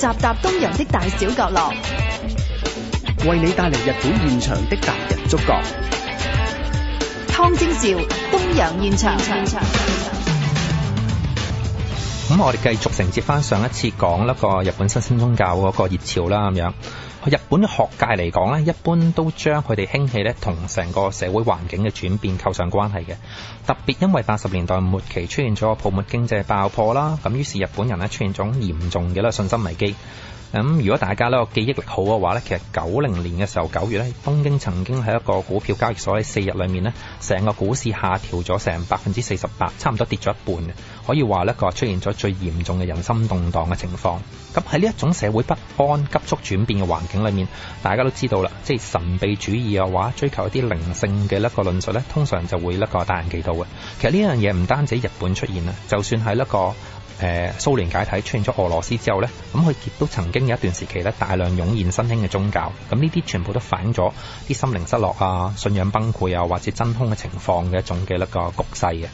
雜答東洋的大小角落，為你帶嚟日本現場的動人觸角。湯禎兆，東洋現場。現場咁、嗯、我哋繼續承接返上，上一次講嗰個日本新生宗教嗰個熱潮啦，咁樣。日本學界嚟講咧，一般都將佢哋興起咧同成個社會環境嘅轉變構上關係嘅。特別因為八十年代末期出現咗個泡沫經濟爆破啦，咁於是日本人咧出現種嚴重嘅信心危機。咁如果大家呢個記憶力好嘅話咧，其實九零年嘅時候九月咧，東京曾經喺一個股票交易所喺四日裏面呢，成個股市下調咗成百分之四十八，差唔多跌咗一半。可以話咧個出現咗最嚴重嘅人心動盪嘅情況。咁喺呢一種社會不安急速轉變嘅環境。裏面大家都知道啦，即係神秘主義嘅話，追求一啲靈性嘅一個論述咧，通常就會一個大行其道嘅。其實呢樣嘢唔單止日本出現啦，就算係一個。誒、呃、蘇聯解體出現咗俄羅斯之後呢，咁佢亦都曾經有一段時期咧，大量湧現新興嘅宗教。咁呢啲全部都反映咗啲心靈失落啊、信仰崩潰啊，或者真空嘅情況嘅一種嘅一個局勢嘅。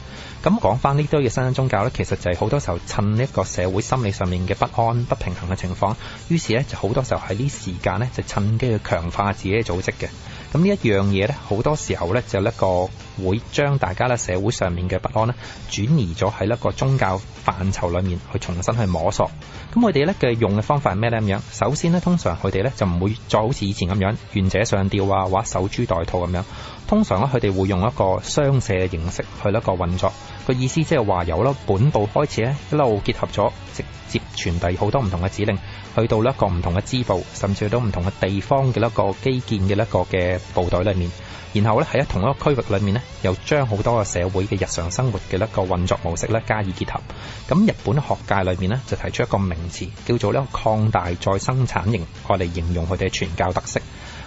咁講翻呢堆嘅新興宗教呢，其實就係好多時候趁呢一個社會心理上面嘅不安、不平衡嘅情況，於是呢就好多時候喺呢時間呢，就趁機去強化自己嘅組織嘅。咁呢一樣嘢咧，好多時候咧就一個會將大家咧社會上面嘅不安咧轉移咗喺一個宗教範疇裏面去重新去摸索。咁佢哋咧嘅用嘅方法係咩咧咁樣？首先咧，通常佢哋咧就唔會再好似以前咁樣願者上吊啊，或者守株待兔咁樣。通常咧，佢哋會用一個商社嘅形式去一個運作。個意思即係話由咧本部開始咧一路結合咗直接傳遞好多唔同嘅指令。去到一個唔同嘅支部，甚至去到唔同嘅地方嘅一個基建嘅一個嘅部隊裏面，然後咧喺同一個區域裏面咧，又將好多個社會嘅日常生活嘅一個運作模式咧加以結合。咁日本學界裏面咧就提出一個名詞，叫做呢個擴大再生產型，嚟形容佢哋嘅傳教特色。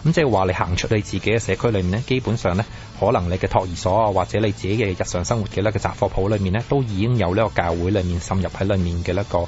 咁即係話，你行出你自己嘅社區裏面呢基本上呢，可能你嘅托兒所啊，或者你自己嘅日常生活嘅咧嘅雜貨鋪裏面呢，都已經有呢個教會裏面滲入喺裏面嘅一個誒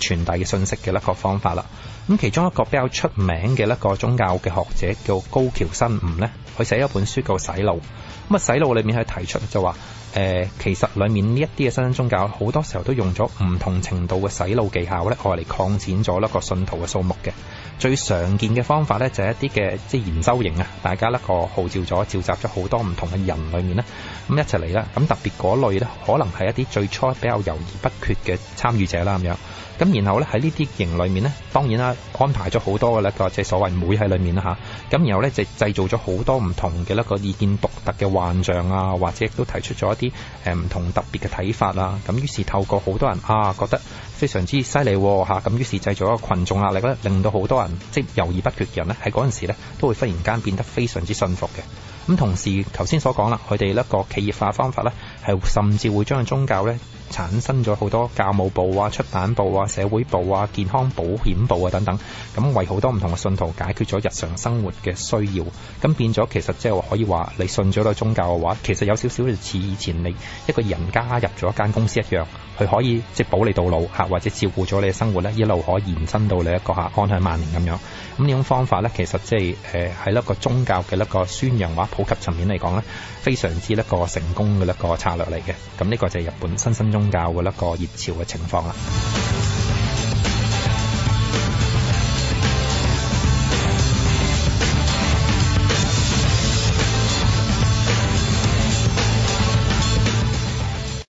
傳遞嘅信息嘅一個方法啦。咁、嗯、其中一個比較出名嘅一個宗教嘅學者叫高橋新吾呢，佢寫一本書叫《洗腦》。咁、嗯、啊，洗腦裏面係提出就話。誒、呃，其實裏面呢一啲嘅新生宗教，好多時候都用咗唔同程度嘅洗腦技巧咧，嚟擴展咗一個信徒嘅數目嘅。最常見嘅方法咧，就係、是、一啲嘅即係研修營啊，大家咧個號召咗召集咗好多唔同嘅人裏面咧，咁一齊嚟啦。咁特別嗰類咧，可能係一啲最初比較猶豫不決嘅參與者啦咁樣。咁然後咧，喺呢啲營裏面咧，當然啦，安排咗好多嘅咧個即係所謂妹喺裏面啊嚇。咁然後咧就製造咗好多唔同嘅咧、那個意見獨特嘅幻象啊，或者亦都提出咗一啲誒唔同特別嘅睇法啊，咁於是透過好多人啊覺得非常之犀利喎嚇，咁於是製造一個群眾壓力咧，令到好多人即係猶豫不決嘅人咧，喺嗰陣時咧都會忽然間變得非常之信服嘅。咁同時頭先所講啦，佢哋一個企業化方法咧，係甚至會將宗教咧。產生咗好多教務部啊、出版部啊、社會部啊、健康保險部啊等等，咁為好多唔同嘅信徒解決咗日常生活嘅需要，咁變咗其實即係話可以話你信咗個宗教嘅話，其實有少少似以前你一個人加入咗一間公司一樣，佢可以即係保你到老嚇，或者照顧咗你嘅生活呢一路可以延伸到你一個嚇安享晚年咁樣。咁呢種方法呢，其實即係誒喺一個宗教嘅一個宣揚話普及層面嚟講呢，非常之一個成功嘅一個策略嚟嘅。咁呢個就係日本新生宗教嘅一個熱潮嘅情況啦。